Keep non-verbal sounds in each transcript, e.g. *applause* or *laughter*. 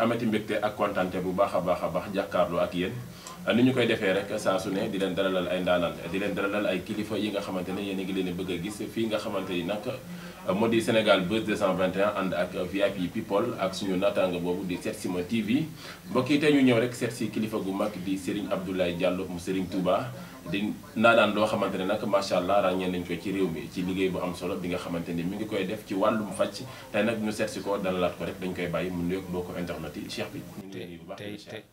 amati mbégte ak kontante bu baax a baax a baax jàkkaarloo ak yéen ni ñu koy defee rek saa su ne di leen dalalal ay ndaanaan di leen dalalal ay kilifa yi nga xamante ne yéen ngi leen bëgg a gis fii nga xamante ni nag moo di Sénégal Buzz 221 ànd ak VIP people ak suñu naataanga boobu di Setsima TV mbokk yi tey ñu ñëw rek seet si kilifa gu mag di Serigne Abdoulaye Diallo mu Serigne Touba. di naanaan loo xamante ne nag macha allah ràññee nañ ko ci réew mi ci liggéey bu am solo bi nga xamante ni mi ngi koy def ci wàllum faj tey nag ñu seet si ko dalalaat ko rek dañ koy bàyyi mu nuyoog boo ko internet yi cheikh bi. ñu ngi bu baax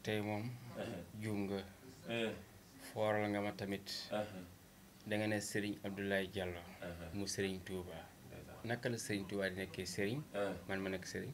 tey moom. Uh-huh. juum nga. Uh-huh. fooral nga ma tamit. Uh-huh. da nga ne Serigne Abdoulaye Diallo. mu Serigne Touba. naka la Serigne Touba di nekkee Serigne. man ma nekk Serigne.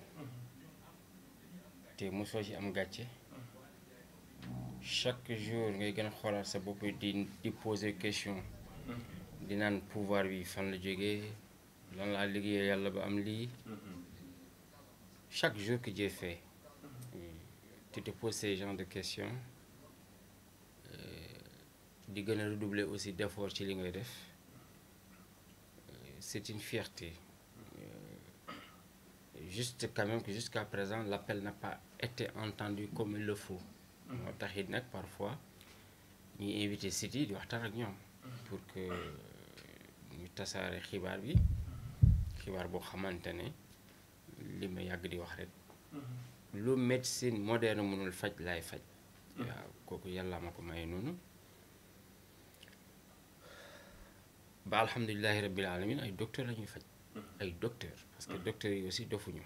te mosoo ci am gàcce chaque jour ngay gën a xoolaat sa bopp di di poser question di naan pouvoir bi fan la jógee lan la liggéey yàlla ba am lii chaque jour que Dieu fait tu te poses ce genre de questions euh, di gën a redoubler aussi d'effort ci li ngay def euh, c'est une fierté juste quand même que jusqu'à présent l'appel n'a pas été entendu comme il le faut mm-hmm. moo tax it parfois ni invité sites yi di waxtaan ak ñoom mm-hmm. pour que ñu tassare xibar bi mm-hmm. xibar bo xamantene li ma yàgg di wax rek lu médecine moderne mënul fajj lay fajj waaw koku yalla mako may nonu ba alhamdulilahi rabbil alamin ay docteur la ñuy faj ay docteur parce que docteur yi aussi dofuñu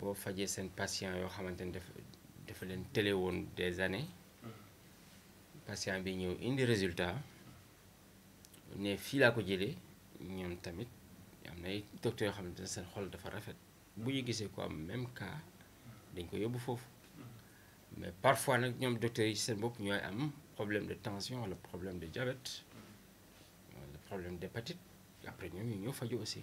boo fajee seen patient yoo xamante ne dafa dafa leen télé woon des années patient bi ñëw indi résultat ne fii laa ko jëlee ñoom tamit am na ay docteurs yoo xamante ne seen xol dafa rafet bu ñu gisee ko am même cas dañ ko yóbbu foofu mais parfois nag ñoom docteurs yi seen bopp ñooy am problème de tension wala problème de diabète wala problème d'hépatite après ñoom ñu ñëw faju aussi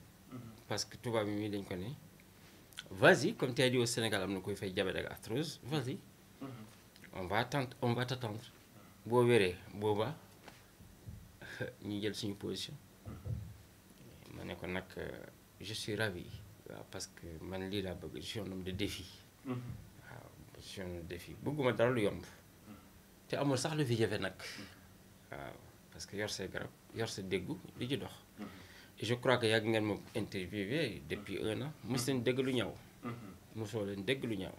parce que tubaab yi dañ ko ne vas-y comme tu as dit au Sénégal am na koy fay diabète ak arthrose vas-y mm-hmm. on va attendre on va t'attendre boo wéree boobaa *laughs* ñu jël suñu position mm-hmm. Mané ne ko nag euh, je suis ravi parce que man lii laa bëgg je suis un homme de défi mm-hmm. waaw je suis un homme de défi bëgguma dara lu yomb te amul sax lu fi jafe nag waaw parce que yor say garab yor sa déggu li ci dox je crois que yàgg ngeen mo interviewé depuis un an mos mhm. leen dégg lu ñaw mosoo leen déglu ñaw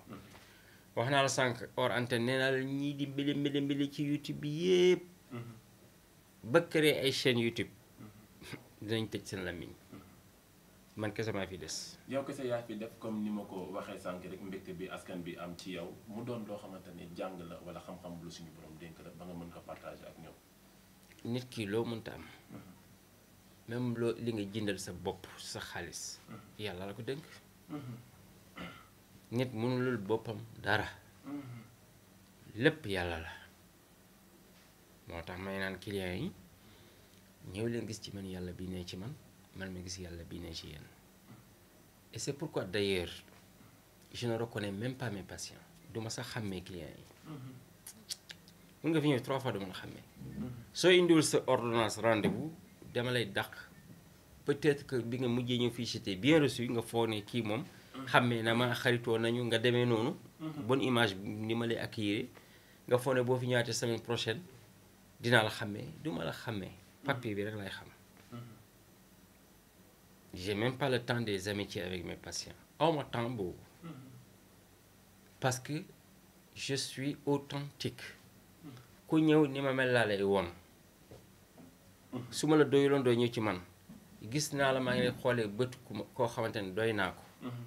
wax na la sank or antenne nee naa la ñii di mbili mbili mbili ci YouTube bi yëpp mhm. ba créer ay chaîne YouTube mhm. dinañ tëj seen làmmiñ man kese maa fi des. yow kese yaa fi def comme ni ma ko waxee sànq rek mbégte bi askan bi am ci yow mu doon loo xamante ne jàng la wala xam-xam lu suñu borom dénk la ba nga mën ko partager ak ñoom. nit ki loo mënta am. même lo li nga jëndal sa bop sa xaliss mm-hmm. yalla la ko dénk mm-hmm. nit mënulul bopam dara mm-hmm. lepp yalla la motax may nan client yi ñew leen gis ci man yalla bi ne ci man man mi gis yalla bi ne ci yeen et c'est pourquoi d'ailleurs je ne reconnais même pas mes patients duma sax xamé client yi mun nga fi trois fois duma xamé so xàmmee sa ordonnance rendez-vous dama lay dàq peut-être que bi nga mujjee ñëw fii c'était bien reçu nga foo ne kii moom. xàmmee na ma xaritoo nañu nga demee noonu. Mhm. bonne image ni ma lay accueillir nga foo ne boo fi ñëwaatee semaine prochaine dinaa la xàmmee du ma la xàmmee. Mhm. papier bi rek lay xam. Mhm. j'ai même pas le temps des amitiés avec mes patients aw oh, ma temps boobu. parce que je suis authentique ku ñëw ni ma mel laa lay woon. su ma la doyuloon dooy ñëw ci man gis naa la maa ngi xoolee bët ku koo xamante ne doy naa ko mhm.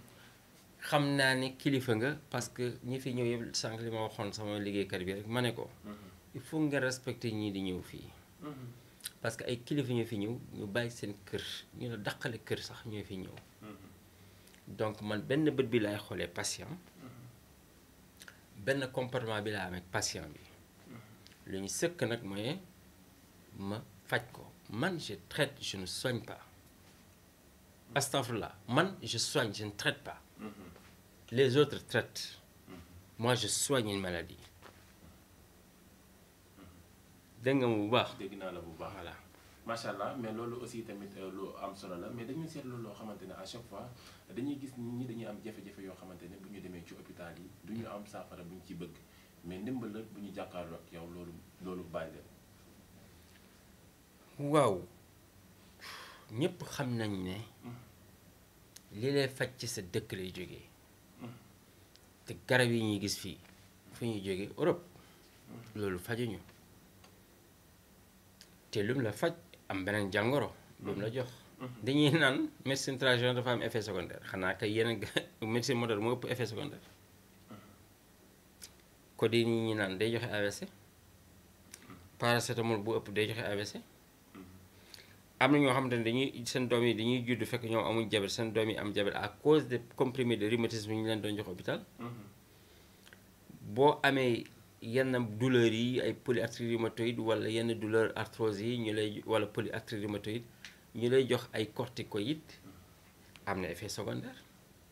xam naa ne kilifa nga parce que ñi fi ñëw yëpp sànq li ma waxoon sama liggéeykat bi rek ma ne ko mhm. il faut nga respecter ñii di ñëw fii mhm. parce que ay kilifa ñu fi ñëw ñu bàyyi seen kër ñu la daqale kër sax ñoo fi ñëw donc man benn bët bi laay xoolee patient benn comportement bi laa amee patient bi lu ñu sëkk nag mooy faj ko man je traite je ne soigne pas astafurlah man je soigne je ne traite pas mhm. les autres traitent mhm. moi je soigne une maladie mhm. dégg nga bu baax dégg la bu baax voilà macha mais loolu aussi tamit euh, lo am solo la mais dañu seetlu loo xamante ne à chaque fois dañuy gis nit ñi dañuy am jafé jafé yo xamante ne bu ñu demee ci hôpital yi du ñu am safara buñ ci bëgg mais ndimbal la buñu ñu jàkkaarloo yow loolu loolu bàyyi waaw ñëpp xam nañ ne li lay faj ci sa dëkk lay jógee te garab yi ñuy gis fii fu ñuy jógee Europe loolu fajuñu te lum la faj am beneen jàngoro lum la jox dañuy naan médecine traditionnelle dafa am effet secondaire xanaa kay yeneen médecine moderne moo ëpp effet secondaire ko di naan day joxe AVC paracétamol bu ëpp day joxe AVC am na ñoo xamante ne dañuy seen doom yi dañuy judd fekk ñoom amuñ jabet seen doom yi am jabet à cause de comprimés de rhumatisme yi ñu leen doon jox hôpital mm-hmm. boo amee yenn douleur yi ay polyarthrite rhumatoïde wala yenn douleur arthrose yi ñu lay wala polyarthrite rhumatoïde ñu lay jox ay corticoïdes mm-hmm. am na effet secondaire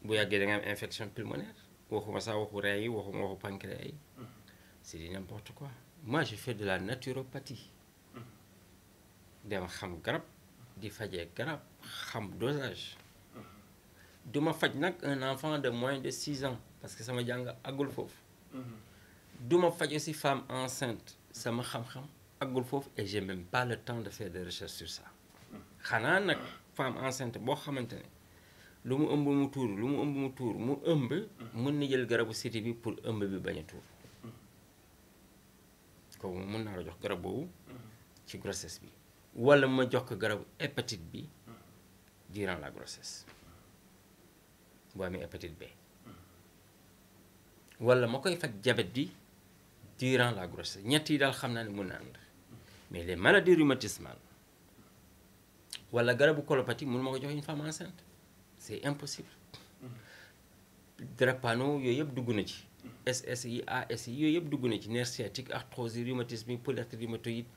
bu yàggee da nga am infection pulmonaire waxuma sax waxu rein yi waxuma waxu pancréas yi mm-hmm. c'est n'importe quoi moi je fais de la naturopathie dama xam garab di fajee garab xam dosage duma faj nak un enfant de moins de six ans parce que sama jang agul foofu duma faj aussi femme enceinte sama xam-xam agul foofu et j'ai même pas le temps de faire des recherches sur ça xana nak femme enceinte bo xamantene ne lu mu ëmb mu tour lu mu ëmb mu tuur mu ëmb mën na jël garabu siti bi pour ëmb bi baña tour tuur kooku mun naa la jox garab boobu ci grossesse bi wala ma jox ko garabu hépatite bi durant la grossesse boo amee hépatite B wala ma koy faj jabet bi durant la grossesse ñett yi daal xam naa ne mun mais les maladies rhumatismales wala garabu colopathie mun ma ko jox une femme enceinte c'est impossible Drapano, yooyu yëpp dugg na ci SSI ASI yooyu yëpp dugg na ci nerf sciatique arthrose rhumatisme polyarthrite rhumatoïde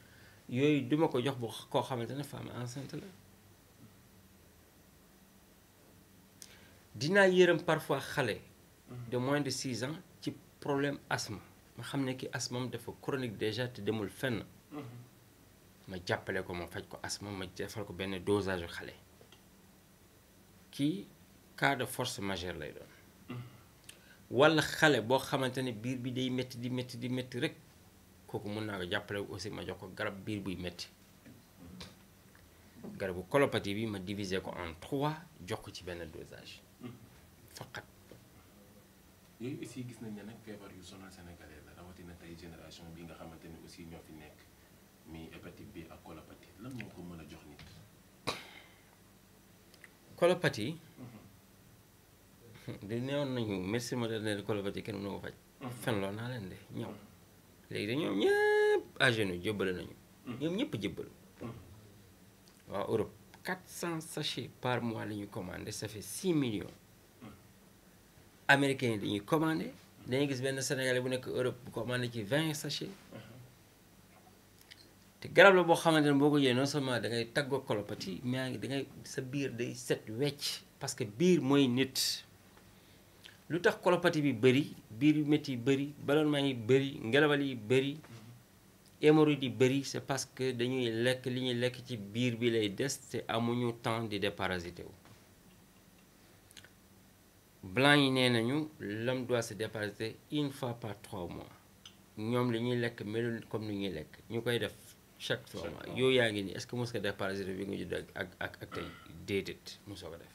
yooyu duma ko jox bu koo xamante ne femme enceinte la dinaa yërëm parfois xale mhm. de moins de 6 ans ci problème asthme ma xam ne ki asthme dafa chronique déjà te demul fenn mhm. ma jàppale ko ma faj ko asthme ma defal ko benn dosage xale kii cas de force majeure lay doon mhm. wala xale boo xamante ne biir bi day métti di métti di métti rek kooku mun naa ko jàppale aussi ma jox ko garab biir buy métti garabu colopathie bi ma diviser ko en trois jox ko ci benn dosage. Mm-hmm. faqat. yooyu aussi gis nañ ne nag feebar yu sonal sénégalais la rawatina tey génération bi nga xamante ne aussi ñoo fi nekk mi hépatite bi ak colopathie lan moo ko mën a jox nit. colopathie. Mm-hmm. *laughs* di neewoon nañu médecine moderne de colopathie kenn mënu ko faj. Mm-hmm. fen loo naa leen de ñëw léegi dañoom ñëpp à genoux nañu hmm. ñëpp hmm. Europe 400 sachets par mois ça fait 6 millions hmm. américains yi dañuy commandé dañuy gis sénégalais bu Europe commandé 20 sachets garab ne non seulement da ngay mais da ngay sa parce que biir mooy nit lu tax kolopati bi bëri biir yu métti bari bëri maa yi bëri ngelawal yi bëri hémorroïde yi bëri c'est parce que dañuy lekk li ñuy lekk ci biir bi lay des te amuñu temps di déparasité wu blanc yi nee nañu l'homme doit se déparasiter une fois par trois mois ñoom li ñuy lekk melul comme ni ñuy lekk ñu koy def chaque trois mois yow yaa ngi nii est-ce que mos nga déparasité bi nga judd ak ak ak tey déedéet mosoo ko def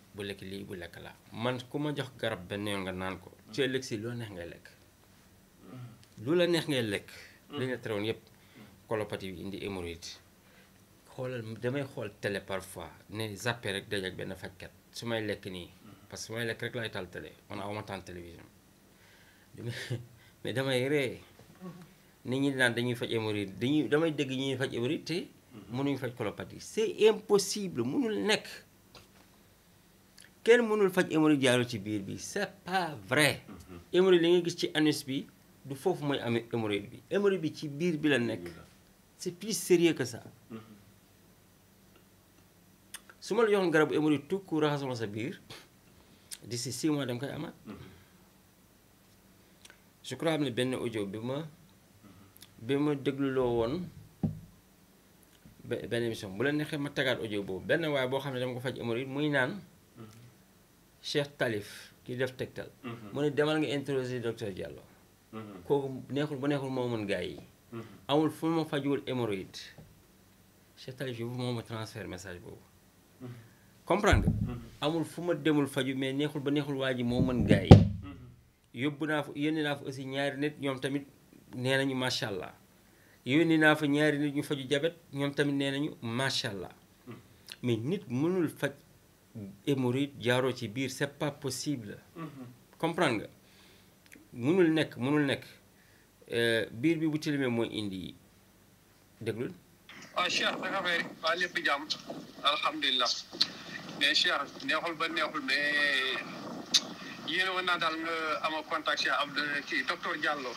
bu lekk lii bu lekk la man ku ma jox garab benn yoon nga naan ko ci lekk si loo neex ngay lekk lu la neex ngay lekk mm-hmm. mm-hmm. li nga terewoon yëpp colopathie bi indi hémorroïde damay xool télé parfois ne zappe rek dajeek benn fajkat su may lekk nii mm-hmm. parce que su lekk rek laay taal télé man awma temps télévision *laughs* mais damay ree nit ñi naan dañuy faj hémorroïde dañuy damay dégg ñuy faj hémorroïde mënuñu faj colopathie c'est impossible mënul nekk kenn mënul faj emory jaaru ci biir bi c'est pas vrai mhm. emory li nga gis ci anus bi du foofu mooy ame emory bi emory bi ci biir bi la nekk c'est plus sérieux que ça mhm. su ma la joxoon garabu hémorroïde tukku raxasuma sa biir d' ici six mois dama koy amaat mhm. je crois am na benn audio bi ma bi ma dégluloo woon benn émission bu la neexee ma audio boobu benn boo xam dama ko faj emory muy naan Cheikh Talif ki def tegtal. Mhm. mu ne demal nga interroger docteur Diallo. Mhm. kooku neexul ba neexul moo mën gars yi. Mhm. amul fu ma fajuwul hémorroïde Cheikh Talif boobu moo ma transfert message boobu. comprendre amul fu ma demul faju mais neexul ba neexul waa ji moo mën gars yi. yóbbu naa fa yónni naa fa aussi ñaari nit ñoom tamit nee nañu macha allah yenn naa fa ñaari nit ñu faju jabet ñoom tamit nee nañu macha allah mais nit mënul faj. hémorroïde jaaroo ci biir c'est pas possible mhm. comprendre nga mënul nekk mënul nekk euh, biir bi bu tilimee mooy indi déglul waaw ah, Cheikh naka fay waa lépp jàmm alhamdulilah mais Cheikh neexul ba neexul mais yéene woon naa daal nga ama contact Cheikh Abdou kii docteur Diallo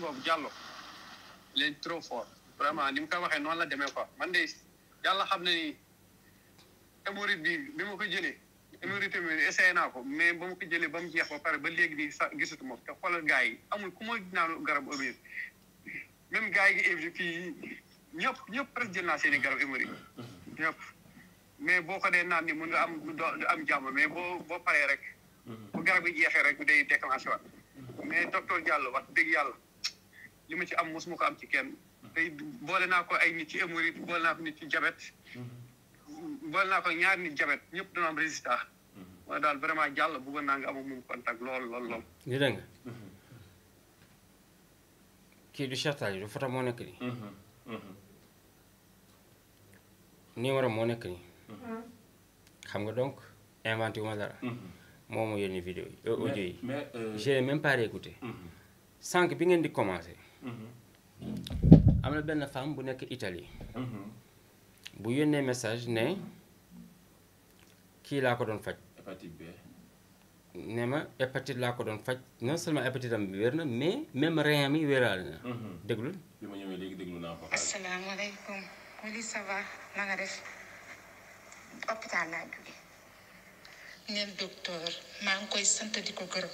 boobu Diallo leen trop fort vraiment ni mu ko waxee noonu la demee quoi man de yàlla xam na ni hémorroïde bi bi ma ko jëlee hémorroïde bi essayé naa ko mais ba ma ko jëlee ba mu jeex ba pare ba léegi nii sax gisatu ma te xoolal gars yi amul ku ma naanu garab hémorroïde même gars yi évité fii ñëpp ñëpp presque jël naa seen garab hémorroïde ñëpp mais boo ko dee naan ni mën nga am am jàmm mais boo boo paree rek bu garab yi jeexee rek day déclenché waat mais docteur Diallo wax dëgg yàlla li ma ci am mosuma ko am ci kenn tey boole naa ko ay nit ci hémorroïde boole naa ko ci diabète boole naa ko ñaar nit jabet ñëpp dana am résultat. mooy daal vraiment jàll bëggoon naa nga moom contact lool lool lool. lii dégg kii du Cheikh Tall du photo moo nekk nii. numéro moo nekk nii. xam nga donc inventé wu ma dara. moo ma yónni vidéo yi euh, yi. mais euh, j'ai même pas réécouté. bi ngeen di commencé. am na benn femme bu nekk Italie. Mhm. bu yónnee message ne. kii laa ko doon faj. hépatite B. ne ma hépatite laa ko doon faj non seulement hépatite am bi wér na mais même rein mi wéraale na. Mhm. déglu. bi ma ko. asalaamaaleykum. Wally ça va na nga def hôpital laa jóge neel docteur maa ngi koy sant di ko gërëm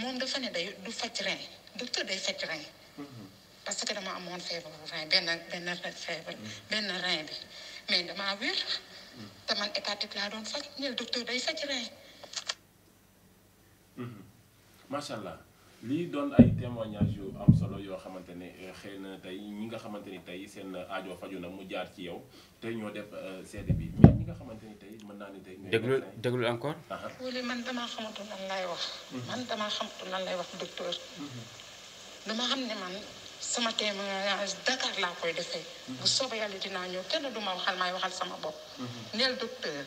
moom dafa ne day du faj rein docteur day faj rein. Mhm. parce que dama amoon feebar rein benn benn feebar mhm. bi mais damaa wér. te man hépatite laa doon faj ñëw docteur day faj rek. macha allah lii doon ay témoignages yu am solo yoo xamante ne eh, xëy na tey ñi nga xamante ni tey seen aajo faju na mu jaar ci yow tey ñoo def eh, seede bi mais ñi nga xamante ni tey mën naa ni tey. déglu déglu encore. wala man damaa xamatul lan lay wax. Mhm. man damaa xamatul lan lay wax docteur. Mhm. dama xam ne man. Hmm. Kan sama ma hmm. Dakar la koy defé bu soba yalla dina ñëw hmm. kenn du ma waxal may waxal sama bop neel docteur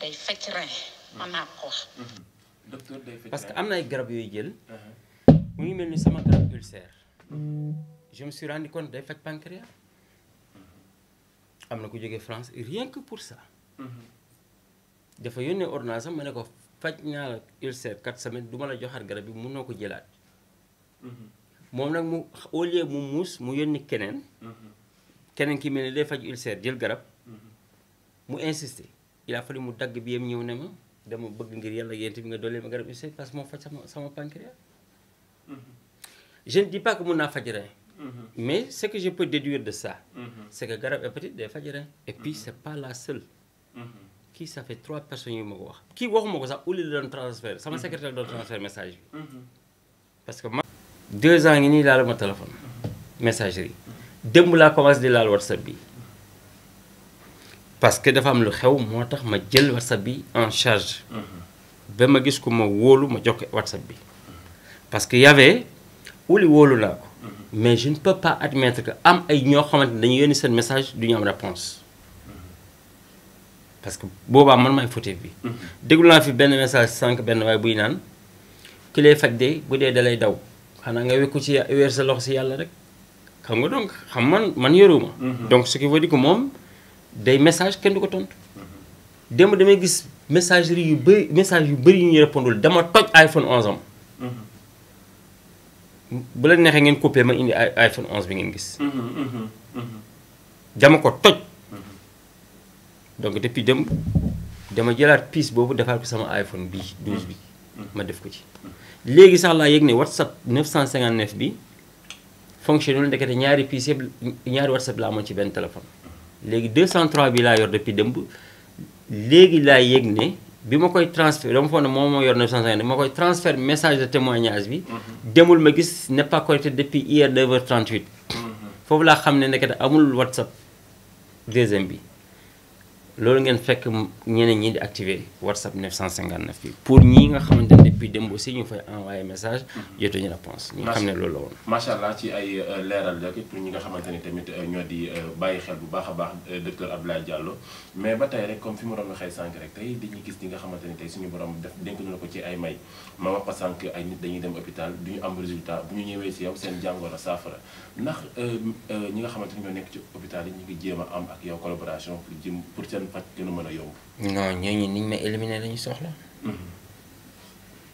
day fecc rein man na ko wax. docteur day fecc parce que amna ay garab yooyu jël. Uh-huh. mu ngi melni sama garab ulcère. je me suis rendu compte day fecc pancréas. Uh-huh. amna ko ku France rien que pour ça. Uh-huh. dafa yone ordonnance mané ko fajj na ulcère 4 semaines duma la joxar garab bi mu noko jëlat moom nag mu au lieu mu muus mu yónni keneen mm-hmm. kenen ki melni ni day faj ulcère jël garab mm-hmm. mu insister il a fallu mu dag bi yam ñëw ne dama bëgg ngir yalla yent bi nga dolé ma garab ulcère parce mo moo faj sama sama pancréas mm-hmm. je ne dis pas que mun naa faj rein mais ce que je peux déduire de ça c'est que garab hépatite day faj rein et puis c'est pas la seule qui ça fait trois personnes yu mako wax kii waxuma ko sax uli la doon transfert sama secrétaire doon transfert message bi parce que deux ans ngi nii laal le téléphone messagerie démb la commencé de laal whatsapp bi parce que dafa am lu xew moi tax ma jël whatsapp bi en charge mhm. ba ma gis ko ma wóolu ma jox whatsapp bi parce que y avait wuli wóolu naa là mhm. mais je ne peux pas admettre que am ay ñoo xamante ne dañu yónni message du ñu réponse mhm. parce que boobaa man maay fautif bi que naa fi benn message sànq benn waaye buy naan ki lay faj de bu dee dalay daw xanaa nga wekku ci weer sa loxo si yàlla rek xam nga donc xam man man yoruma mhm. donc ce qui veut dire que moom day message kenn du ko tontu. Mhm. démb damay gis messagerie yu bëri message yu bëri yu ñuy répondul dama toj iPhone 11 am. Mhm. bu la neexee ngeen coupé ma indi iPhone 11 bi ngeen gis. dama ko toj. donc depuis dem dama jëlaat pièce boobu defaat ko sama iPhone bii 12 bi ma def ko ci. léegi sax la yëg whatsapp 959 bi fonctionnel ndekete ñaari PC ñaari whatsapp la amoon ci téléphone 203 bi la yor depuis demb la ne koy transfert dama le transfert yor message de témoignage bi mhm. demul ma n'est pas connecté depuis hier 9h38 fofu la ne amul whatsapp deuxième bi ngeen fekk ñeneen ñi di activer whatsapp 959 pour ñi nga depuis démb aussi ñu fay envoyé message jotuñu mhm. réponse ñu xam ne loolu la woon macha ci ay euh, leeral rek pour ñi nga xamante ne tamit euh, ñoo di euh, bàyyi xel bu baax a baax ab Abdoulaye Diallo mais ba tey rek comme fi mu doon waxee sànq rek tey dañuy gis li nga xamante ne tey suñu borom def dénk na ko ci ay may ma wax ko sànq ay nit dañuy dem hôpital du ñu am résultat bu ñu ñëwee si yow seen jàngoro saafara ndax ñi nga xamante ne ñoo nekk ci hôpital yi ñu ngi jéem a am ak yow collaboration pour jëm pour seen faj a mën a yomb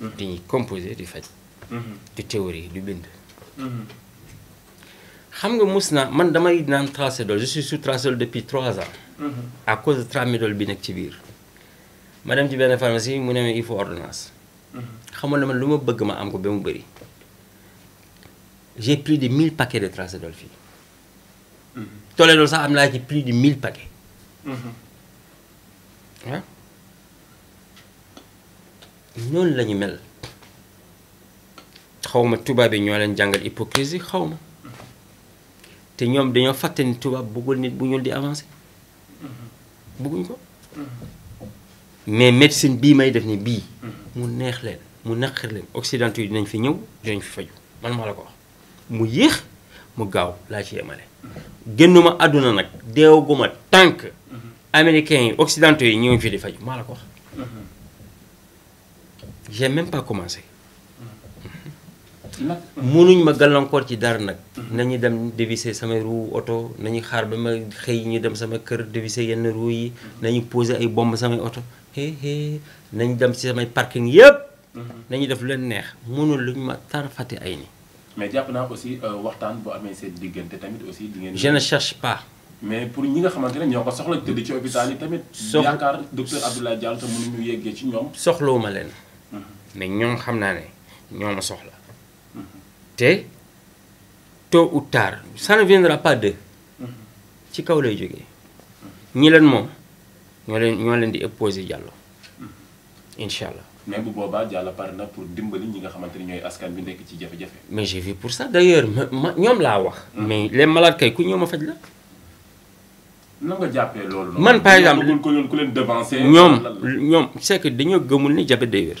Mhm. dañuy composé di faj mhm. de théorie du bind mhm. xam nga musna man damay naan tramadol je suis sous tramadol depuis 3 ans à cause de tramadol bi nekk ci bir ma dem ci ben pharmacie mu ne il faut ordonnance xamoon na man luma ma bëgg ma am ko ba mu j'ai pris de 1000 paquets de tramadol fii tolee loolu sax am naa ci plus de 1000 paquets hein? loolu la mel xawma tubaab yi ñoo leen jàngal hypocrisie xawma te ñoom dañoo fàtte ni tubaab bëggul nit bu ñuul di avancé bëgguñ ko mais médecine bii may def ni bii mu neex leen mu naqar leen occidentaux yi dinañ fi ñëw dinañ fi faju man maa la ko wax mu yéex mu gaaw laa ci yemale génnuma àdduna nag deewaguma tànk américains yi occidentaux yi ñoo ngi fi di faju maa la ko wax j'ai même pas commencé mënuñ ma gàllankoor ci dar nak nañu dem dévisser sama roue auto nañu xaar ba ma xey ñu dem sama kër dévisser yenn roue yi nañu poser ay bomb sama auto hé hé nañu dem ci sama parking yépp nañu def lu neex mënul luñ ma tar ay ni mais jàpp naa aussi euh, waxtaan bu amé seen diggante tamit aussi di ngeen je ne cherche pas mais pour ñi nga xamante ñoko ñoo ko soxla tëdd ci hôpital yi tamit yaakaar docteur Abdoulaye Diallo te ñu yeggee ci ñoom soxlawuma len mais ñoom xam naa ne ñoo ma soxla mm-hmm. te tôt ou tard ça ne viendra pas de mm-hmm. ci kaw lay jógee ñi leen moom ñoo leen ñoo leen di opposé Diallo mm-hmm. incha allah. mais bu boobaa Diallo pare na pour dimbali ñi nga xamante ni ñooy askan bi nekk ci jafe-jafe. mais j'ai vu pour ça d'ailleurs ma ñoom laa wax. mais les malades kay ku ñëw ma faj la. nan nga jàppee loolu. man par exemple ku leen devancer. ñoom ñoom c'est que dañoo gëmul ni diabète day wér.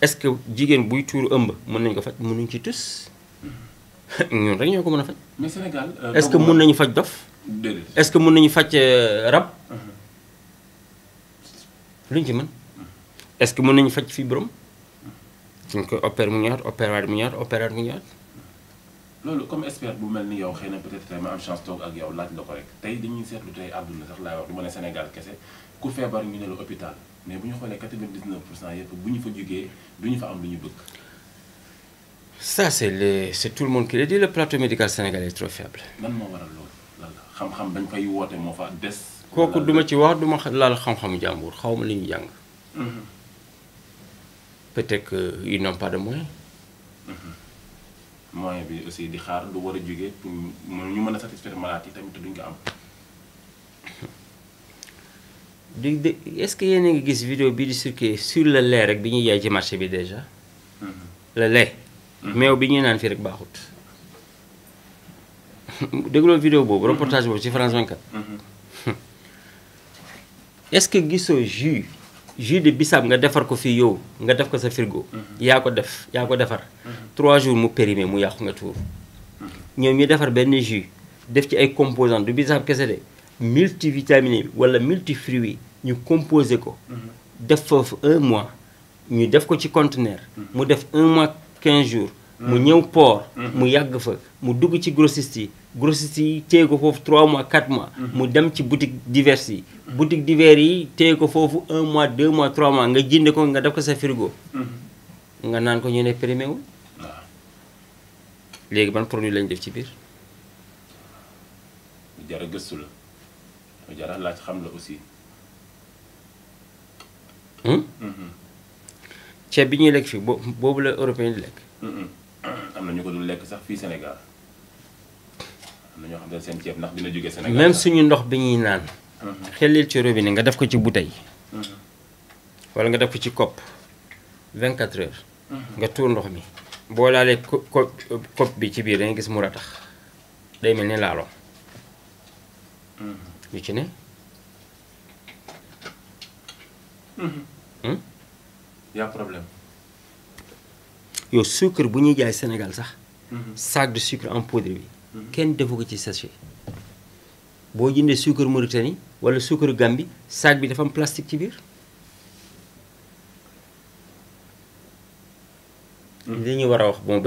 est-ce que jigen buy tour mën nañu ko ñu ci tous *laughs* ñun rek Sénégal euh, est-ce que mën nañu fajj dof. Euh, uh-huh. est-ce que mën nañu fajj rap luñ ci man est-ce que uh-huh. mën nañu ko opère mu uh-huh. comme expert bu melni yow avez peut-être am chance tok ak yow laaj la rek tay dañuy là tay sax lay wax duma Sénégal kessé ku ñu mais buñu xolé 99% yépp buñu fa juggé duñu fa am luñu bëgg. ça c'est le c'est tout le monde qui le dit le plateau médical sénégalais est trop faible. lan mo waral lool lan la xam-xam dañ fay woté mo fa dess koku duma ci wax duma laal xam xam jàmbur xawma ma jang ñu jàng. Mhm. peut-être que ils n'ont pas de moyens. Mhm. moyen bi aussi di xaar du wara juggé pour ñu mëna a satisfaire malade yi tamit duñ ko am. *laughs* du de est-ce que yéen a ngi gis video bii di circuler sur le lait rek bi ñuy jaay ci marché bi déjà. Mm-hmm. le lait. Mm-hmm. meew bi ñuy naan fii rek baaxut. *laughs* dégloo vidéo boobu. Mm-hmm. reportage boobu ci France 24. *laughs* est-ce que gisoo jus jus de bissap nga defar ko fii yow nga def ko sa frigo. yaa ko def yaa ko defar. trois jours mu périmé mu yàqu nga tuur. ñoom ñu defar benn jus def ci ay composants du bissap kese de. multivitamine bi wala multifruit yi ñu composé ko. Mhm. def foofu un mois ñu def ko ci conteneur. Mhm. mu def un mois 15 jours. mu mhm. ñëw port. mu yàgg fa mu dugg ci grossiste yi grossiste yi téye ko foofu 3 mois 4 mois. mu dem ci boutique diverses yi. boutique divers yi téye ko foofu un mois 2 mois 3 mois nga jënd ko nga def ko sa frigo. nga naan ko ñu ne périmé wul. léegi man produit lañ def ci biir. jara lu jar laaj xam la aussi. Hmm? Mm-hmm. ceeb bi ñuy lekk fii boobu la européen di lekk. Mm-hmm. am lekk sax fii Sénégal am xam seen ceeb ndax dina jóge Sénégal. même suñu ndox bi ñuy naan. Mm-hmm. xelil ci robinet nga def ko ci bouteille. wala nga def ko ci kopp 24 heures. nga tuur ndox mi. boo laalee ko kopp bi ci biir da gis mu ratax day mel ni laaloo. yu ci y' a problème. Yo sucre bougie ñuy jaay Sénégal sax. sac de sucre en poudre oui. kenn defu ko ci sachet. Bougie de sucre Mauritanie wala sucre Gambie sac bi dafa plastique ci biir. li ni war a wax moo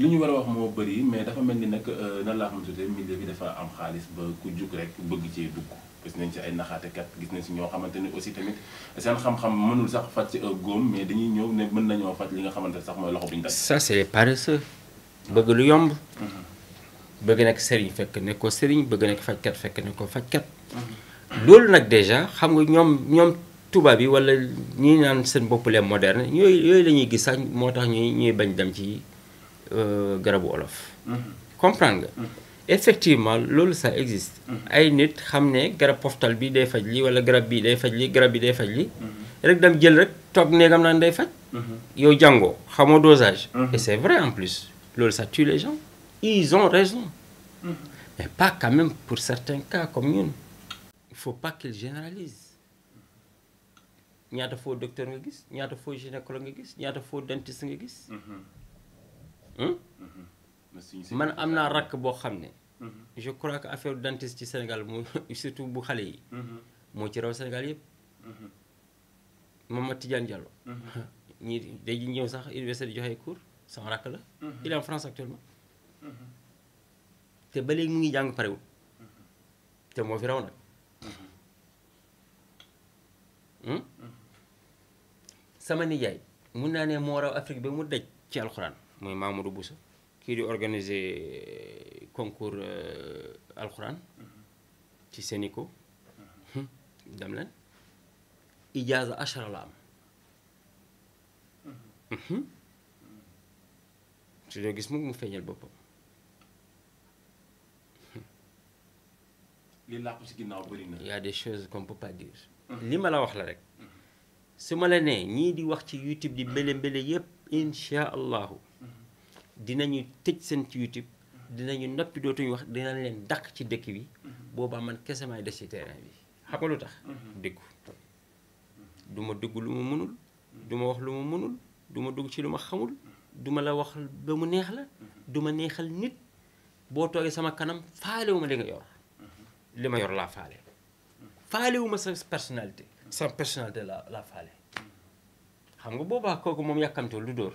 li ñu war a wax moo bëri mais dafa mel ni nag euh, nan laa xam ne milieu bi dafa am xaalis ba ku jug rek bëgg cee dugg gis nañ ci ay naxaatekat gis nañ si ñoo xamante ni aussi tamit seen xam-xam mënul sax faj góom mais dañuy ñëw ne mën nañoo faj li nga xamante ne sax mooy loxo bu ñu dal. ça c' bëgg lu yomb. Mhm. bëgg nekk sëriñ fekk ne ko sëriñ bëgg nekk fajkat fekk ne ko fajkat. Mhm. loolu nag dèjà xam nga ñoom ñoom tubaab yi wala ñuy naan seen bopp moderne yooyu yooyu la gis sax moo tax ñuy ñuy bañ dem ci Euh, garabu olof mhm. comprendre mhm. effectivement loolu ça existe mhm. ay nit xam ne garab poftal bi day faj li wala garab bi day faj li garab bi day faj li rek dem jël rek toog néegam naan day faj yow jàngoo xamoo dosage et c'est vrai en plus loolu ça tue les gens ils ont raison mais pas quand même pour certains cas communs. ñun il faut pas qu'ils généralisent ñaata faux docteur nga gis ñaata faux gynécolo nga gis ñaata faux dentiste nga gis Hmm? Mm-hmm. man am naa rakk boo xam ne. Mm-hmm. je crois que affaire dentiste ci Sénégal mu *laughs* surtout bu xale yi. Mm-hmm. moo ci raw Sénégal yëpp. Mamadou Tidiane Diallo. *laughs* ñii day ñëw sax université di joxe cours sama rakk la. il est en France actuellement. te ba léegi mu ngi jàng parewul. te moo fi raw nag. Hmm? sama nijaay mun naa ne moo raw Afrique bi mu daj ci alxuraan. mooy du Boussa kii di organiser concours euh, alxuraan ci Sénico mhm. dem leen ijaaza achara la am mhm. Mhm. su doo gis mu mu feeñal boppam li làqu ci ginnaaw bëri des choses qu'on li ma la wax la rek su ma la nee ñii di wax ci YouTube di mbele mbele yépp insha allahu ñu tëj seen ci YouTube dinañu noppi dootuñu wax dina leen dàq ci dëkk bi mm-hmm. boobaa man kese maay des ci terrain bi xam nga lu tax mm-hmm. déggu du ma dégg lu mu mënul mm-hmm. du ma wax lu ma mënul du ma dugg ci lu ma xamul du ma la wax ba mu neex la du ma neexal nit boo toogee sama kanam faale ma li nga yor li ma yor laa faale faale wu ma sa personnalité sa personnalité la laa faale xam nga boobaa kooku moom yàkkamtewul lu dóor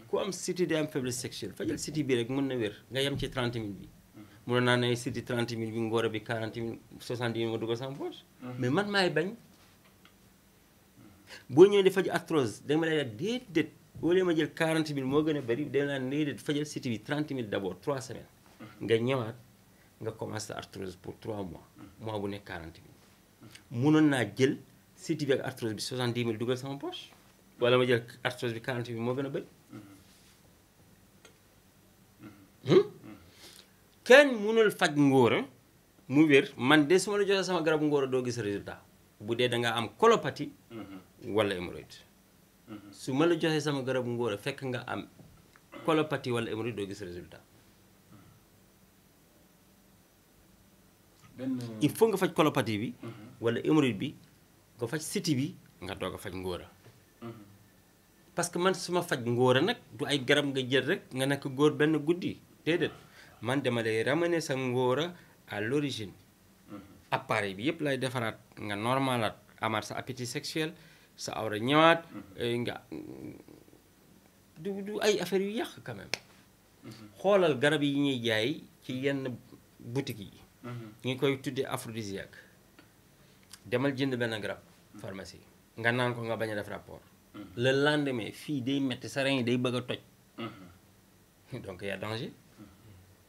ku am city day am faiblesse sexuelle fajal city bi rek mën na wér nga yem ci 30 000 bi mënoon naa ne city 30 000 bi ngóor bi 40 000 70 dugal sama poche boo ñëwee ma lay def moo gën a bëri da nga naan déedéet fajal city bi 30 000 d' abord 3 semaines ñëwaat nga commencé arthrose pour 3 mois mois bu nekk 40 000 mënoon naa jël city bi ak arthrose bi 70 000 dugal sama poche wala ma jël arthrose bi 40 000 moo gën a bëri Hmm? kenn mënul faj ngóora mu wér man de su ma la joxee sama garabu ngóora doo gis résultat bu dee da nga am kolopati mhm. wala hémorroïde mhm. su ma sama garabu ngóora fekk nga am colopathie wala hémorroïde doo gis résultat il faut nga faj colopathie bi mhm. wala hémorroïde bi nga faj siti bi nga doog a faj ngóora parce que man su ma faj ngóora nag du ay garab nga jël rek nga nekk góor benn guddi dedet man dama lay ramener sa ngora à l'origine mm-hmm. appareil bi yep lay defaraat nga normalat amar sa appétit sexuel sa awra ñëwaat mm-hmm. eh, nga du du ay affaire yu yàq quand même mm-hmm. xolal garab yi ñi jaay ci yenn boutique yi ñi koy tuddé aphrodisiaque demal jënd ben garab pharmacie nga nan ko nga baña def rapport le lendemain fi day metti sa rein day bëgg toj *laughs* donc y a danger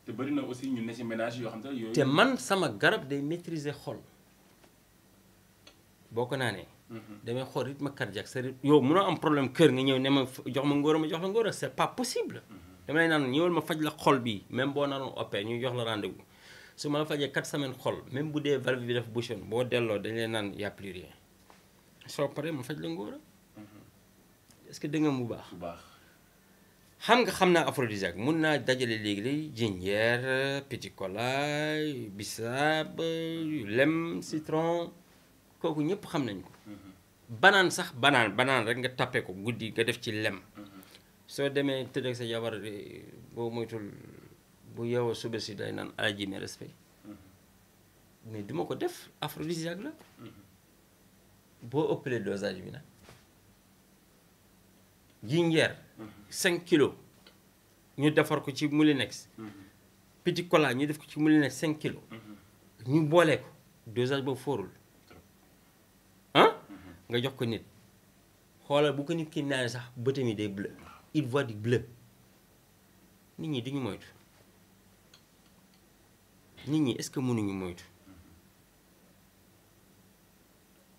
te na aussi ñu ne ci ménage yoo xam te yooyu. man sama garab day maîtriser xol boo ko naanee. Mhm. damay xool rythme cardiaque sa rythme yow mënoo am problème kër nga ñëw ne ma jox ma ngóor ma jox la ngóor c'est pas possible. Mhm. dama naan ñëwal ma faj la xol bi même boo naroon opé ñu jox la rendez su ma la fajee kat semaines xol même bu dee valve bi def bouchon boo delloo dañ lay naan y a rien soo paree ma faj la ngóor mhm. est-ce que dégg nga mu baax. xam nga xam naa aphrodisiaque mun naa dajale léegi-léegi jinjeer petit cola bisaab lem citron kooku ñëpp xam nañ ko mhm. banaan sax banaan banaan rek nga tappee ko guddi nga def ci lem mhm. soo demee tëdd ak sa jabar eh, boo moytul bu yeewoo suba si day naan alaji mhm. mais respect mais duma ko def aphrodisiaque la boo ëppalee dosage bi nag gingembre 5 kilos ñu defar ko ci moulinex petit cola ñu def ko ci moulinex 5 kilos ñu boole ko deux arbres foorul ah nga jox ko nit xoolal bu ko nit ki naan sax bëtam yi day bleu il voit du bleu nit ñi duñu moytu nit ñi est-ce que mënuñu moytu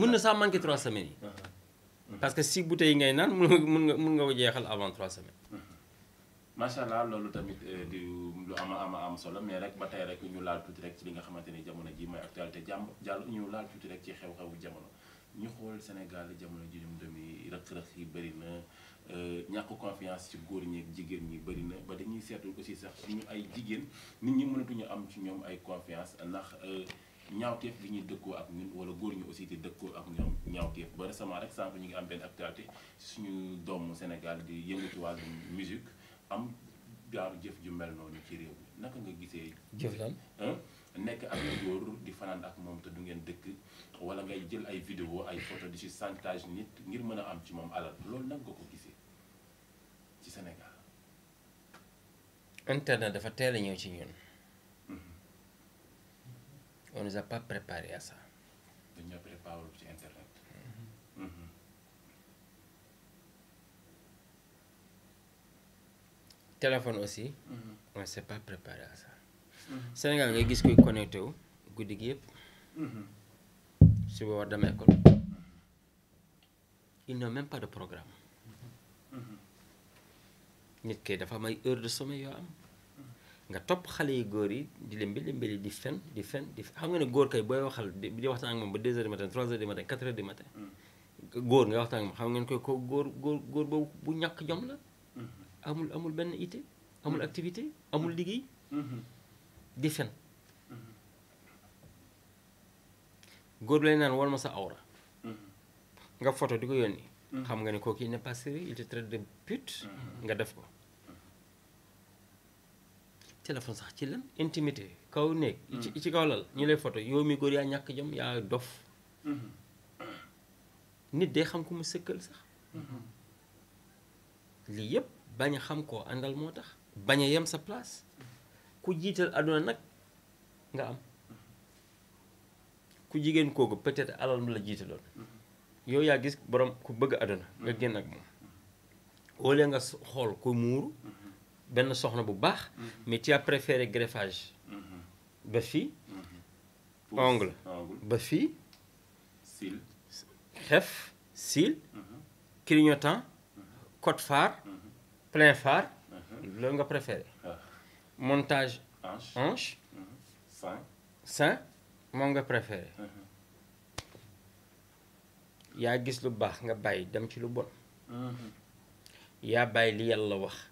mën na saa manqué trois semaines yi parce que si bouteille ngay naan mën nga mën nga mun jeexal avant trois semaines macha allah loolu tamit eh, di lu ama ama am solo mais rek ba tey rek ñu laal tuuti rek ci li nga xamante ni jamono ji mooy actualité jàmm jàll ñu laal tuuti rek ci xew-xewu jamono ñu xool Sénégal jamono ji ñu demi rëq-rëq yi bëri na eh, ñàkk confiance ci góor ñi ak jigéen ñi bëri na ba dañuy seetul aussi sax suñu ay jigéen nit ñi mënatuñu am ci ñoom ay confiance ndax eh, ñaawteef bi ñuy dëkkoo ak ñun wala góor ñu aussi di dëkkoo ak ñoom ñaawteef ba récemment rek sànq ñu ngi am benn actualité suñu doomu Sénégal di yëngu ci wàllu musique am jaaru jëf ju mel noonu ci réew mi naka nga gisee. jëf lan nekk ak góor di fanaan ak moom te du ngeen dëkk wala ngay jël ay video ay photo di ci chantage nit ngir mën a am ci moom alal loolu nag nga ko gisee ci Sénégal. internet dafa teel a ñëw ci ñun. on ne nous a mm-hmm. Mm-hmm. Mm-hmm. pas préparé à ça. Sénégal ngay gis kuy connecté guddi gi yëpp. suba war dem école. ils n'ont même pas de programme. nit kay dafa am ay de sommeil yoo am. nga topp xale yi góor yi di leen mbili mbili di fen di fen di xam nga ne góor kay booy waxal di waxtaan ak moom ba 2 heures du matin 3 heures du matin 4 heures du matin. Mm. góor nga waxtaan ak moom xam ngeen koy ko góor góor góor boobu bu ñàkk jom mm-hmm. amul amul benn ité amul mm-hmm. activité amul mm-hmm. liggéey. di fen. góor bi lay naan wol ma sa awra. nga photo di ko yónni. xam nga ne kooku il n'est pas sérieux il te traite de pute. nga def ko. téléphone sax ci lan intimité kaw néeg ci hmm. ci kaw lal ñu lay photo yow mi gor ya ñak jëm ya dof hmm. nit day xam ku mu sekkal sax hmm. lii yëpp bañ a xam ko andal moo tax bañ a sa place ku jital aduna nak nga am ku jigen koku peut-être alal la yow ya gis borom ku bëgg aduna nga ak wolé nga xol ku muuru ben soxna bu baax. Mhm. mais tu as préféré greffage. Mhm. ba fii. Mhm. ongle ba fi cil, xef cils. clignotant. code phare. plein phare. le nga préféré. Ah. montage. hanche hanche. sein sein moom nga préféré. yaa gis lu baax nga bàyyi dem ci lu bon. yaa bàyyi li yàlla wax.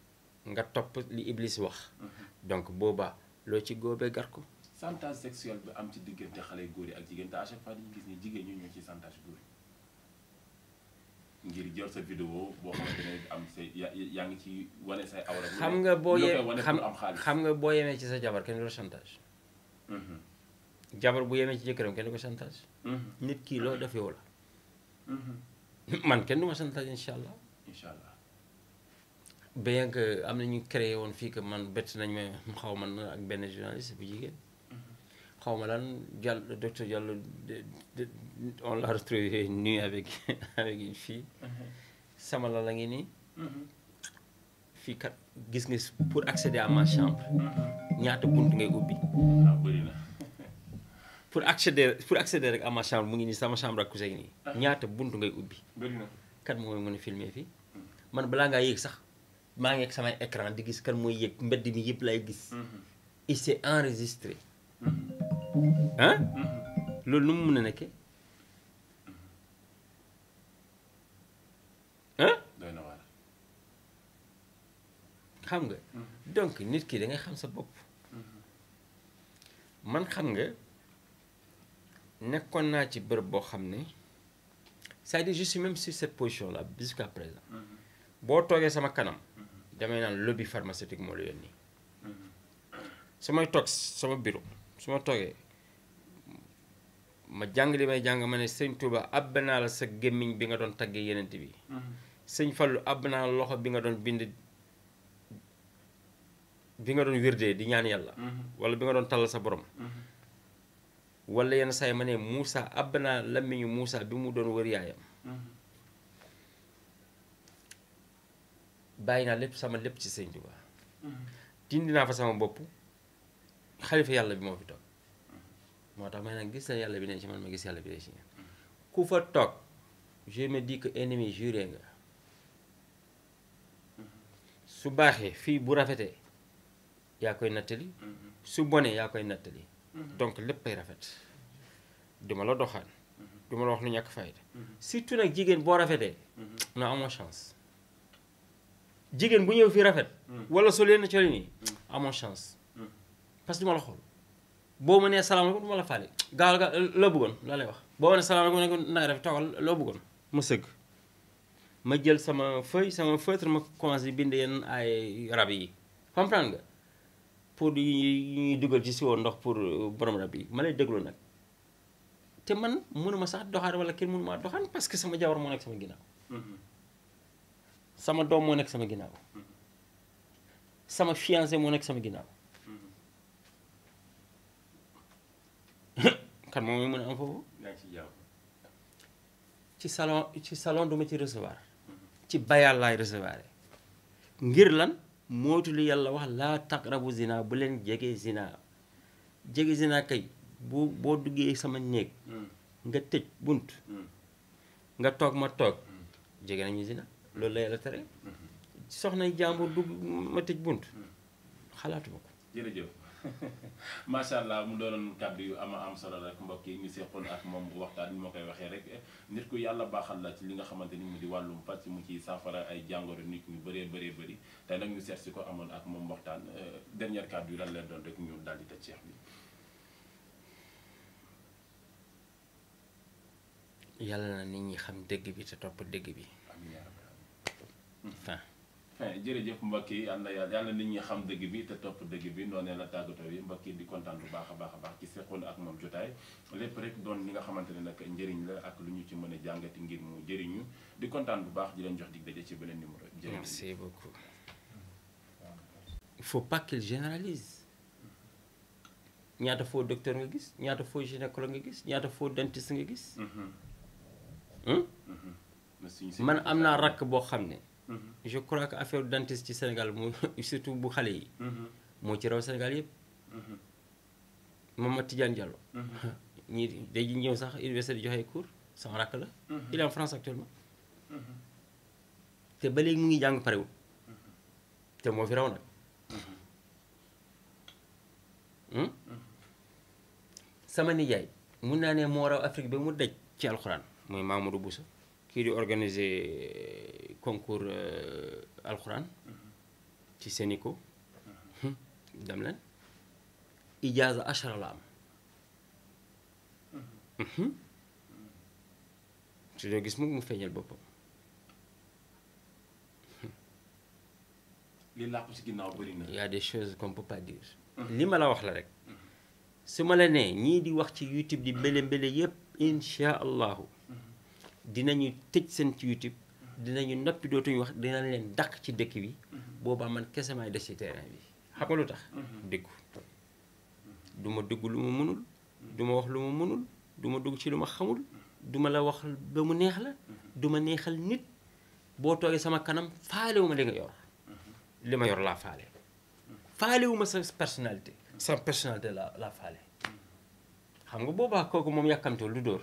nga topp li Iblis wax. Mhm. donc boobaa loo ci góobee gar ko. chantage sexuel bi am ci diggante xale góor yi ak jigéen te à chaque fois dañuy gis jigéen ñi ñoo ci chantage góor ngir jël sa vidéo boo am say yaa ngi ci wane say awra. xam nga boo yemee xam nga boo yemee ci sa jabar kenn du la chantage. Mhm. jabar bu yemee ci jëkkëram kenn du ko chantage. Mhm. nit kii loo defee wala. *laughs* man kenn du ma chantage incha allah. incha allah. bien que am na ñu créé woon fii que man bett nañ ma xaw man na ak benn journaliste bu jigéen mhm. xaw ma lan jàll docteur Diallo on l'a retrouvé nu avec *laughs* une fille mhm. sama la la ngi nii mhm. fii kat gis nga pour accéder à ma chambre ñaata bunt ngay ubbi ah, *laughs* pour accéder pour accéder rek à ma chambre mu ngi nii sama chambre ak cousin nii ah. ñaata bunt ngay ubbi kat mooy mën a filmer fii mm. man balaa ngaa yéeg sax maa ngi ak samay écran di gis kan mooy yëg mbedd mi yëpp lay gis. Mm-hmm. is s'est enregistré. ah. loolu nu mu mun a nekkee. ah. xam nga. donc nit ki da nga xam sa bopp. man xam nga nekkoon naa ci bërëb boo xam ne c'est-à-dire je suis même sur cette position là jusqu'à présent. boo toogee sama kanam. damay naan lobby pharmaceutique moo la yónni mm-hmm. samay toog sama bureau su ma toogee ma jàng li may jàng ma ne sëñ Touba àbb naa la sa gémmiñ bi nga doon taggee yenent bi mm-hmm. sëñ Fallu àbb naa la loxo bi nga doon bind bi nga doon wérdee di ñaan yàlla mm-hmm. wala bi nga doon tàll sa borom wala yenn Moussa naa Moussa bi mu doon wër yaayam bàyyi naa sama lepp ci sëñ Tuubaa mhm. dindi naa fa sama bop xalifa yalla bi mo fi tok mhm. motax may na gis na yalla bi ne ci man ma gis yalla bi ci mhm. ku fa tok je me dis que ennemi juré nga su baxé fi bu rafété yaa koy nattali su boné yaa koy nattali donc léppay rafet duma la doxaan duma la wax lu ñàkk fayda surtout nak jigen bo rafété na amo chance jigéen bu ñëw fii rafet. Mm. wala sol leen colin yi mm. amoo chance. Mm. parce que du ma la xool boo ma nee salaamaaleykum du ma la faale gaawal ga loo bëggoon laa lay wax boo ma nee salaamaaleykum ne ko nanga def toogal loo bëggoon ma sëgg ma jël sama feuille sama feutre ma commencé bind yenn ay rab yi comprendre nga pour yi ñuy dugal ci si woon ndox pour euh, borom rab yi ma lay déglu nag te man mënuma sax doxaan wala kenn mënuma doxaan parce que sama jawar moo nekk sama ginnaaw mm-hmm. sama doom moo nekk sama ginnaaw sama fiancé moo nekk sama ginnaaw *coughs* kan moom mooy mën a am foofu ci salon ci salon duma ci recevoir ci bayal laay recevoir ngir lan mootu li yàlla wax laa rabu zina bu leen jegee zina jege zina kay bu boo duggee sama néeg hmm. nga tëj bunt hmm. nga toog ma toog hmm. jege nañu zina loolu la yàlla tere soxnay jàmbur dugg ma tëj bunt xalaatuma ko jërëjëf *laughs* macha allah mu doonoon kàddu yu am a am solo rek mbokk yi ñu seqoon ak moom waxtaan ni ma koy waxee rek nit ku yàlla baaxal la ci li nga xamante ni mu di wàllum pàcc mu ciy saafara ay jàngoro nit ñu bëree bëree bari te nag ñu seet si ko amoon ak moom waxtaan euh, dernier kàddu yu la leen doon rek ñu daal di tëj seex bi. yàlla na nit ñi xam dégg bi te topp dëgg bi. fin eh, jërëjëf mbokk yi am na yàlla yàlla nit ñi xam dëgg bi te topp dëgg bi noonee la tàggatoo yi mbokk yi di kontaan bu baax a baax a baax ci seqoon ak moom jotaay lépp rek doon li nga xamante ne nag njëriñ la ak lu ñu ci mën a jàngati ngir mu jëriñu di kontaan bu baax di leen jox dig daje ci beneen numéro. jërëjëf merci beaucoup. il faut pas qu'il généralise ñaata foo docteur nga gis ñaata foo gynécologue nga gis ñaata foo dentiste nga gis. Mm-hmm. Hmm? Mm-hmm. man am naa rakk boo xam ne. Mm-hmm. je crois que affaire dentiste ci Sénégal mu *laughs* surtout bu xale yi. Mm-hmm. moo ci raw Sénégal yëpp. Mm-hmm. Mamadou Tidiane Diallo. ñii day ñëw sax université di joxe cours sama rakk la. il en France actuellement. te ba mu ngi jàng parewul. te moo fi raw nag. Hmm? sama nijaay mun naa ne moo raw Afrique ba mu daj ci alxuraan mooy Mamadou Boussa. kii di organiser concours euh, alxuraan ci Senico dem ijaaza achara la am te doo gis mu mu feeñal boppam li làqu ci ginnaaw bëri mhm. li ma la wax la rek mhm. su ma la nee ñii di wax ci YouTube di mbele mbele yépp insha allahu dina ñu tëj seen ci dina dinañu noppi dootuñu wax dina leen dàq ci dëkk bi mhm. boobaa man kese maay des ci terrain bi xam nga lu tax mhm. déggu du ma dugg lu mu mënul du ma wax lu ma mënul du ma dugg ci lu ma xamul du ma la wax ba mu neex la mhm. du ma neexal nit boo toogee sama kanam faale ma li nga yor li ma yor laa faale faale wu ma sa personnalité sa personnalité la laa faale xam nga boobaa kooku moom yàkkamtewul lu dóor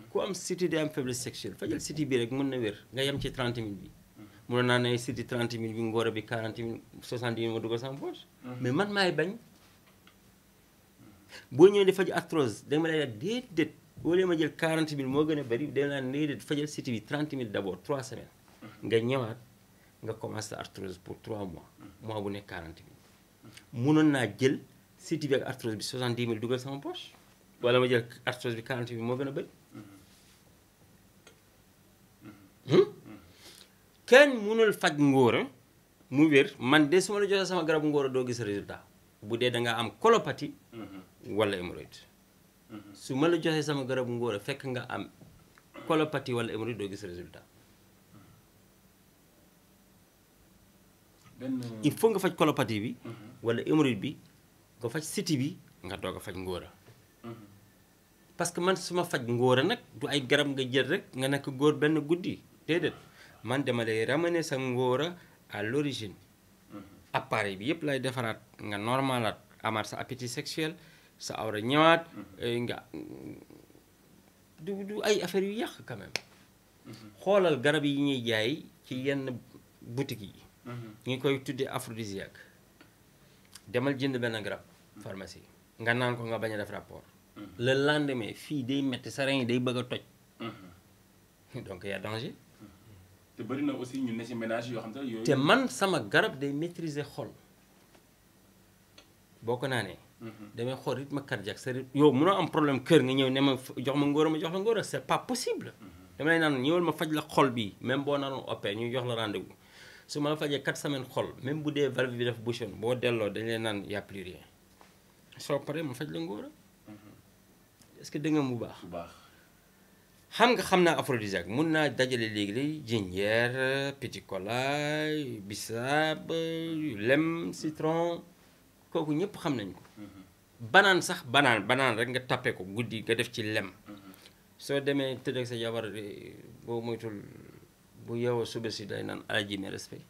ko am cité di am faiblesse sexuelle fajal cité bi rek mën na wér nga yem ci 30 000 bi. mënoon naa ne cité 30 000 bi ngóor bi 40 000 70 000 ma dugal sama poche. man maay bañ. boo ñëwee di faj arthrose danga ma lay def boo lee ma jël 40 moo gën a bëri danga naan déedéet fajal cité bi 30 000 d' abord 3 semaines. nga ñëwaat nga commencé arthrose pour 3 mois. mois bu nekk 40 000. mënoon naa jël cité bi ak arthrose bi 70 000 dugal sama poche. wala ma jël arthrose bi 40 000 moo gën a bëri. Hmm? kenn mënul faj ngóora mu wér man de su ma la joxee sama garabu ngóora doo gis résultat bu dee da nga am kolopati mhm. wala hémorroïde mhm. su ma la joxee sama garabu ngóora fekk nga am colopathie wala hémorroïde doo gis résultat mhm. il faut nga faj colopathie bi wala hémorroïde bi nga faj siti bi nga doog a faj ngóora parce que man suma faj ngóora nag du ay garab nga jël rek nga nekk góor benn guddi complicated man dama lay ramener sa ngora à l'origine mhm. appareil bi yep lay defarat nga normalat amar sa appétit sexuel sa awra ñewat mhm. eh, nga mm, du du ay affaire yu yàq quand même mhm. Xolal garab yi ñi jaay ci yenn boutique yi Ñi koy tuddé aphrodisiaque demal jënd ben garab pharmacie nga nan ko nga baña def rapport le lendemain fii day metti sa rein day *laughs* y a danger te na aussi ñu ne ci ménage yoo xam te yooyu. te man sama garab day maîtriser xol boo ko naanee. Mhm. damay xool rythme cardiaque sa rythme yow mënoo am problème kër nga ñëw ne ma jox ma ngóor ma jox la ngóor c'est pas possible. Mhm. dama lay naan ñëwal ma faj la xol bi même boo naroon opé ñu jox la rendez-vous su ma la fajee 4 semaines xol même bu dee valve bi def bouchon boo delloo dañ lay naan y rien soo paree ma faj la ngóor mhm. est-ce que dégg nga mu baax. xam nga xam naa aphrodisiaque mun naa dajale léegi lay jinjeer petit cola bisaab lem citron kooku ñëpp xam nañ ko mhm. banaan sax banaan banaan rek nga tappee ko guddi nga def ci lem mhm. soo demee tëdd sa jabar eh, boo moytul bu yow suba si day naan aji mhm. mais respect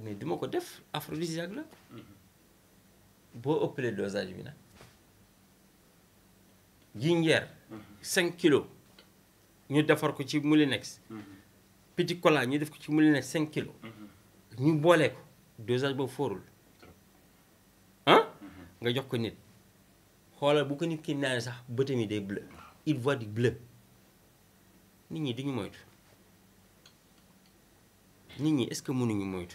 mais duma ko def aphrodisiaque la boo ëpple dosage bi nag jinjeer cinq kilo ñu defar ko ci Moulinex. petit cola ñu def ko ci Moulinex 5 kilos. ñu boole ko dosage boobu foorul ah nga jox ko nit xoolal bu ko nit ki naan sax bëtam yi day bleu il voit du bleu nit ñi duñu moytu nit ñi est-ce que mënuñu moytu.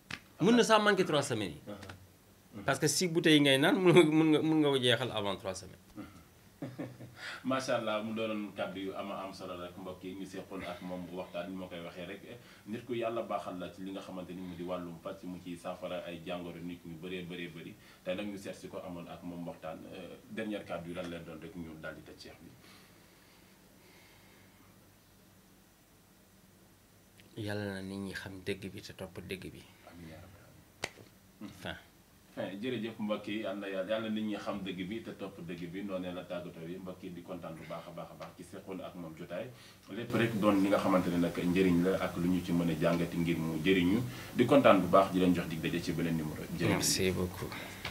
mën na saa manqué trois semaines yi uh-huh. parce que si bouteille ngay naan mën nga mën nga mun jeexal avant trois semaines uh-huh. *laughs* macha allah mu doonoon kàddu yu ama am solo rek mbokk yi ñu seqoon ak moom waxtaan ñu ma koy waxee rek nit ku yàlla baaxal la ci li nga xamante ni mu di wàllum pàcc mu ciy saafara ay jàngoro nit ñu bëree bëree bëri tey nag ñu seet si ko amoon ak moom waxtaan euh, dernière kàddu yu lan leen doon rek ñu daal di tëj ceex bi. yàlla na nit ñi xam dégg bi te topp dégg bi. fin jërëjëf mbokk yi yal na yàlla nit ñi xam dëgg bi te topp dëgg bi noonee la tàggatoo yi mbokk yi di kontaan bu baax a baax a baax ci seqoon ak moom jotaay lépp rek doon li nga xamante ne nag njëriñ la ak lu ñu ci mën a jàngati ngir mu jëriñu di kontaan bu baax di leen jox dig daje ci beneen numéro. merci beaucoup.